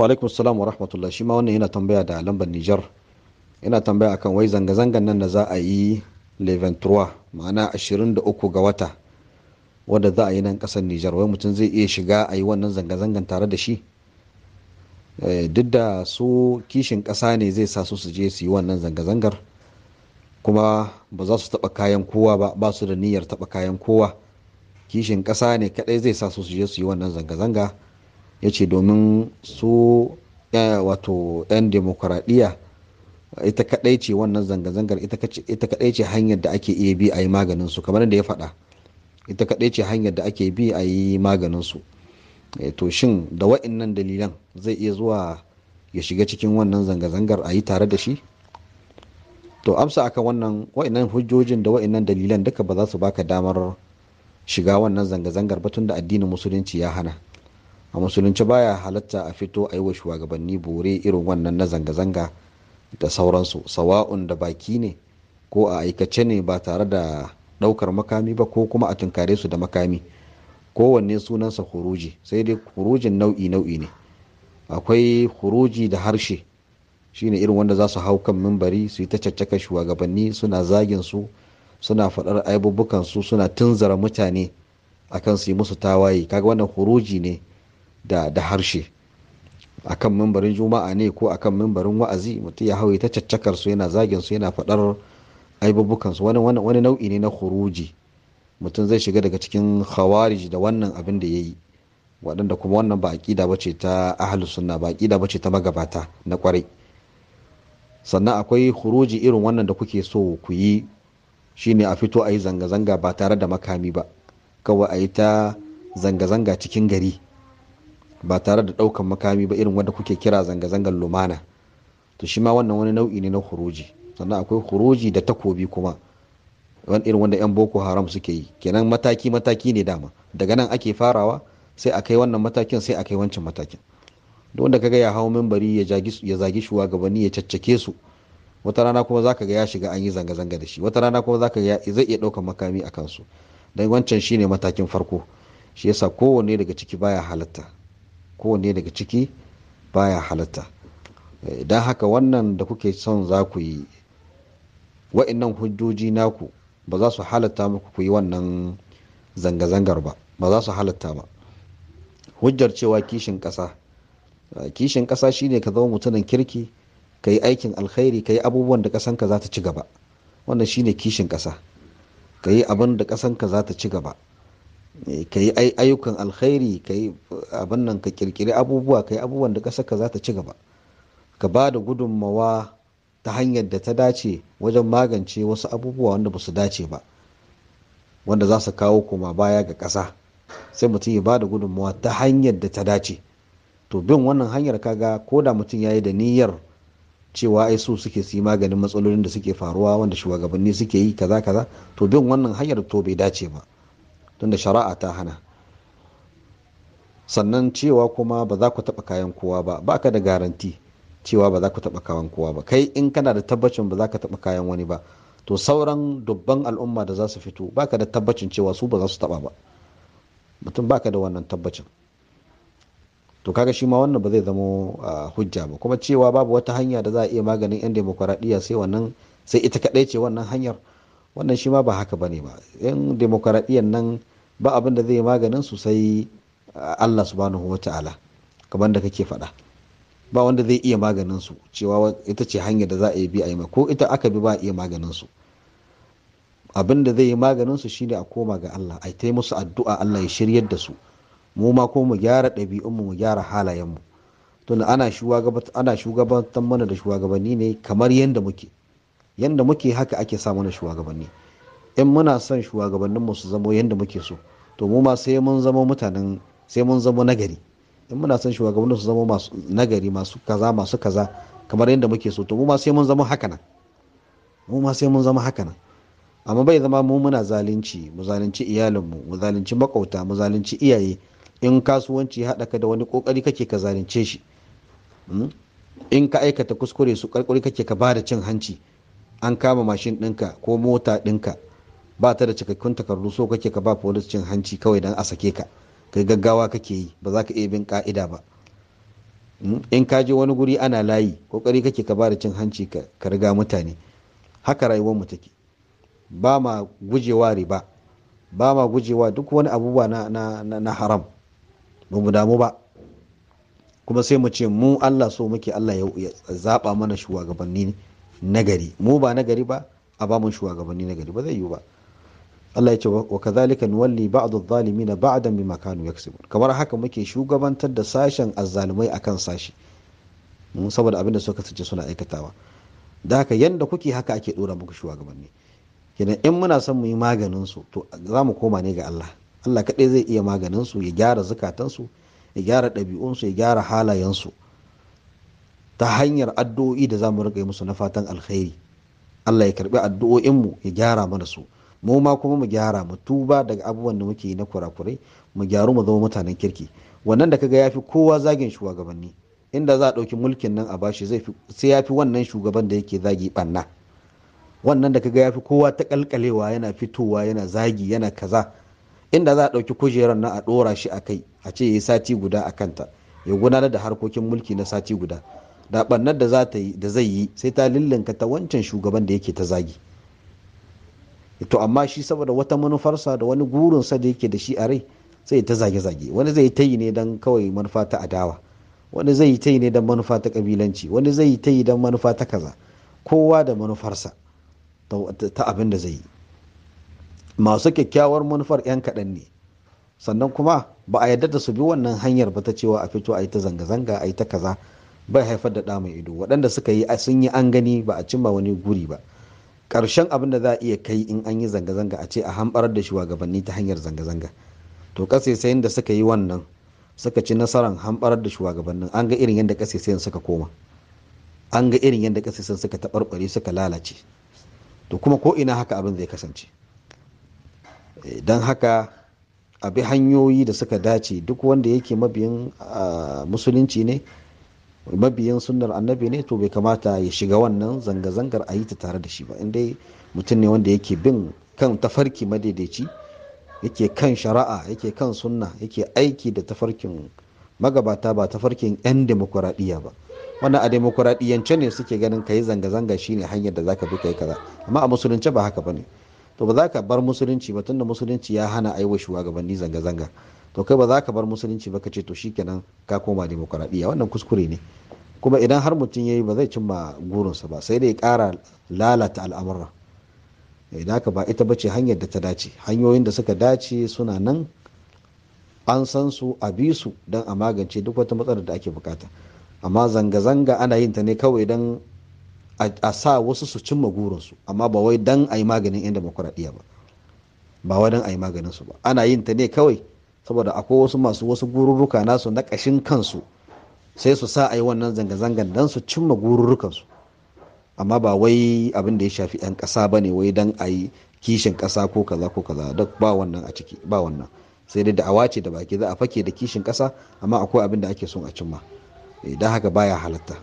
wa alaikum salam wa shi ma wannan yana tambaya da lambar Nijar yana tambaya akan wai zanga-zangan nan da za a yi Leventura ma'ana 23 ga wata wadda za a yi nan kasar Nijar wai mutum zai iya shiga a yi wannan zanga-zangan tare da shi eh, duk da su kishin kasa ne zai sa su su je su yi wannan zanga-zangar kuma ba za su taɓa kayan kowa ba ba su da niyyar taɓa kayan kowa kishin ƙasa ne kaɗai zai sa su su je su yi wannan zanga-zanga ya ce domin su eh, wato 'yan demokuraɗiyya ita kaɗai ce wannan zanga-zangar ita kaɗai ce hanyar da ake iya bi a yi maganin su kamar da ya faɗa ita kaɗai ce hanyar da ake bi a yi maganin su eh, to shin da wa'innan dalilan zai iya zuwa ya shiga cikin wannan zanga-zangar a yi tare da shi to amsa akan wannan wa'innan hujjojin da wa'innan dalilan duka ba za su baka damar shiga wannan zanga-zangar ba tunda addinin musulunci ya hana a musulunci baya halatta a fito a yi wa shugabanni bore irin wannan na zanga-zanga da sauransu sawa'un da baki ne ko a aikace ne ba tare da ɗaukar makami ba ko kuma a tunkare su da makami kowanne sunansa huruji sai dai hurujin nau'i nau'i ne akwai huruji da harshe shine irin wanda za su hau kan mimbari su yi ta caccaka shugabanni suna zagin su suna faɗar aibubukan su suna tunzara mutane akan su yi musu tawaye kaga wannan huruji ne da, da harshe kan mimbarin juma'a ne ko a kan mimbarin wa'azi mutum ya hau ta caccakar su yana zagin su yana faɗar aibubukan su wani wani nau'i ne na khuruji mutum zai shiga daga cikin khawarij da wannan abin da yayi waɗanda kuma wannan ba aƙida bace ta ahlus sunna ba aƙida bace ta magabata na kwarai sannan akwai khuruji irin wannan da kuke so ku yi shine a fito a yi zanga-zanga ba tare da makami ba kawai a yi ta zanga-zanga cikin gari ba tare da ɗaukan makami ba irin wanda kuke kira zanga-zangar lumana to shi ma wannan wani nau'i ne na huruji sannan akwai huruji da takobi kuma wani irin wanda 'yan boko haram suke yi kenan mataki mataki ne dama daga nan ake farawa sai a kai wannan matakin sai a kai wancan matakin duk wanda kaga ya hau membari ya zagi shugabanni ya caccake su wata rana kuma zaka ga ya shiga an yi zanga-zanga da shi wata rana kuma zaka ga zai iya ɗaukan makami a kansu don wancan shine matakin farko shi yasa kowanne daga ciki baya halatta kowanne daga ciki baya halatta idan eh, haka wannan da kuke son za ku yi wa'annan hujjoji naku ba za su halatta muku ku yi wannan zanga-zangar ba ba za su halatta ba hujjar cewa kishin ƙasa eh, kishin ƙasa shine ka zama mutumin kirki ka yi aikin alkhairi ka yi abubuwan da ƙasanka za ta ci gaba wannan shine kishin ƙasa ka yi abin da ƙasanka za ta ci gaba Eh, ka yi ayyukan alkhairi ka yi abin nan ka kirkiri abubuwa ka yi abubuwan da ƙasar ka za ta ci gaba ka ba da gudunmawa ta hanyar da ta dace wajen magance wasu abubuwa wanda ba su dace ba wanda za su kawo koma baya ga ƙasa sai mutum ya ba da gudunmawa ta hanyar da ta dace to bin wannan hanyar ka ga ko da mutum ya yi da niyyar cewa ai su suke su yi maganin matsalolin da suke faruwa wanda shugabanni suke yi kaza kaza to bin wannan hanyar to bai dace ba tunda shari'a ta hana sannan cewa kuma ba za ku taɓa kayan kowa ba ba ka da garanti cewa ba za ku taɓa kayan kowa ba kai in kana da tabbacin ba za ka taɓa kayan wani ba to sauran dubban al'umma da za su fito ba ka da tabbacin cewa su ba za su taɓa ba mutum ba ka da wannan tabbacin to kaga shi ma wannan ba zai zamo hujja ba kuma cewa babu wata hanya da za a iya maganin 'yan demokuraɗiyya sai wannan sai ita kaɗai ce wannan hanyar wannan shi ma ba haka bane ba yan demokaradiyyar nan ba abin da zai maganin su sai ah, Allah subhanahu wata'ala kamar da kake faɗa ba wanda zai iya maganin su cewa ita ce hanyar da za a yi bi a yi ko ita aka bi ba a iya maganin su abin da zai yi maganin su shine a koma ga Allah a ta musu addu'a Allah ya shiryar da su mu ma ko mu gyara ɗabi'un mu mu gyara halayen mu tunda ana shugabantar mana da shugabanni ne kamar yadda muke yanda muke haka ake samu na shugabanni in muna son shugabannin mu su zamo yanda muke so to mu ma sai mun zama mutanen sai mun zama nagari in muna son shugabannin su zama masu nagari masu kaza masu kaza kamar yadda muke so to mu ma sai mun zama haka nan mu ma sai mun zama haka nan amma bai zama mu muna zalunci mu zalunci iyalinmu mu zalunci makauta mu zalunci iyaye in kasuwanci ya haɗaka ka da wani kokari kake ka zalunce shi hmm? in ka aikata kuskure su karkuri kake ka bada cin hanci an kama mashin ɗinka ko mota ɗinka ba ta da cikakkun takardu so kake ka ba polis cin hanci kawai don a sake ka kai gaggawa kake yi ba za ka iya bin ka'ida ba hmm? in ka je wani guri ana layi kokari kake ka ba da cin hanci ka riga mutane haka rayuwar mu take ba ma gujewa riba ba ma gujewa duk wani abubuwa na, na, na, haram ba mu damu ba kuma sai mu ce mu allah so muke allah ya zaba mana shugabanni nagari mu ba nagari ba a ba mun shugabanni nagari ba zai yiwu ba Allah ya ce wa kazalika nuwalli ba'dhu zalimin ba'dan bima kanu yaksubun kamar haka muke shugabantar da sashen azzalumai akan sashi mun saboda abin da suka sace suna aikatawa da haka yanda kuke haka ake dora muku shugabanni kenan in muna son mu yi maganin su to za mu koma ne ga Allah Allah kadai zai iya maganin su ya gyara zukatansu ya gyara ɗabi'unsu ya gyara halayensu ta hanyar addu'o'i da za mu riƙa musu na fatan alkhairi Allah ya karbi addu'o'inmu ya gyara mana su mu ma kuma mu gyara mu tuba daga abubuwan da muke yi na kurakurai mu gyaru mu zama mutanen kirki wannan da kaga yafi kowa zagin shugabanni inda za a ɗauki mulkin nan a bashi zai sai yafi wannan shugaban da yake zagi banna wannan da kaga yafi kowa ta kalkalewa yana fitowa yana zagi yana kaza inda za a ɗauki kujerar nan a ɗora shi a kai a ce ya yi sati guda a kanta ya gudanar da harkokin mulki na sati guda da ɓannar da za ta yi da zai yi sai ta lillinka ta wancan shugaban da yake ta zagi to amma shi saboda wata manufarsa da wani gurinsa da yake da shi a rai sai ta zage-zage wani zai ta yi ne don kawai manufa ta adawa wani zai yi ta yi ne don manufa ta kabilanci wani zai yi ta yi don manufa ta kaza kowa da manufarsa ta abin da zai yi masu kyakkyawar manufar 'yan kaɗan ne sannan kuma ba a yarda da su bi wannan hanyar ba ta cewa a fito a yi ta zanga-zanga a yi ta kaza bai haifar da damun ido waɗanda suka yi sun yi an gani ba a cimma wani guri ba ƙarshen abin da za a iya kai in an yi zanga-zanga a ce a hamɓarar da shugabanni ta hanyar zanga-zanga to ƙasaisayin da suka yi wannan suka ci nasarar hamɓarar da shugabannin an ga irin yadda ƙasaisayin suka koma an ga irin yadda ƙasaisayin suka taɓarɓare suka lalace to kuma ko ina haka abin zai kasance eh, don haka abi hanyoyi da suka dace duk wanda yake mabiyin ah, musulunci ne mabiyan sunnar annabi ne to bai kamata ya shiga wannan zanga-zangar a yi ta tare da shi ba in dai mutum ne wanda yake bin kan tafarki madaidaici yake kan shari'a yake kan sunna yake aiki da tafarkin magabata ba tafarkin 'yan demokuraɗiyya ba wannan a demokuraɗiyyance ne suke ganin ka yi zanga-zanga ne hanyar da zaka bi kai kaza amma a musulunci ba haka bane to ba za ka bar musulunci ba tunda musulunci ya hana aiwa shugabanni zanga-zanga to kai ba za ka bar musulunci ba ka ce to kenan ka koma demokaradiyya wannan kuskure ne kuma idan har mutum ya yi ba zai cimma gurinsa ba sai dai ya kara lalata al'amurra idan eh, haka ba ita bace hanyar da ta dace hanyoyin da suka dace suna nan an san su a bi su don a magance duk wata matsalar da ake bukata amma zanga-zanga ana yin ta ne kawai don a sa wasu su cimma gurinsu amma ba wai don a yi maganin 'yan demokuraɗiyya ba ba wai a yi maganin su ba ana yin ta ne kawai saboda akwai wasu masu wasu gururuka nasu na ƙashin kansu sai su sa a yi wannan zanga-zangan don su cimma gururukansu. amma ba wai abin da ya shafi 'yan ƙasa ba ne wai don a yi kishin ƙasa ko kaza ko kaza duk ba wannan a ciki ba wannan sai dai da'awa ce da baki za a fake da kishin ƙasa amma akwai abin da ake son a cimma Idan eh, haka baya halatta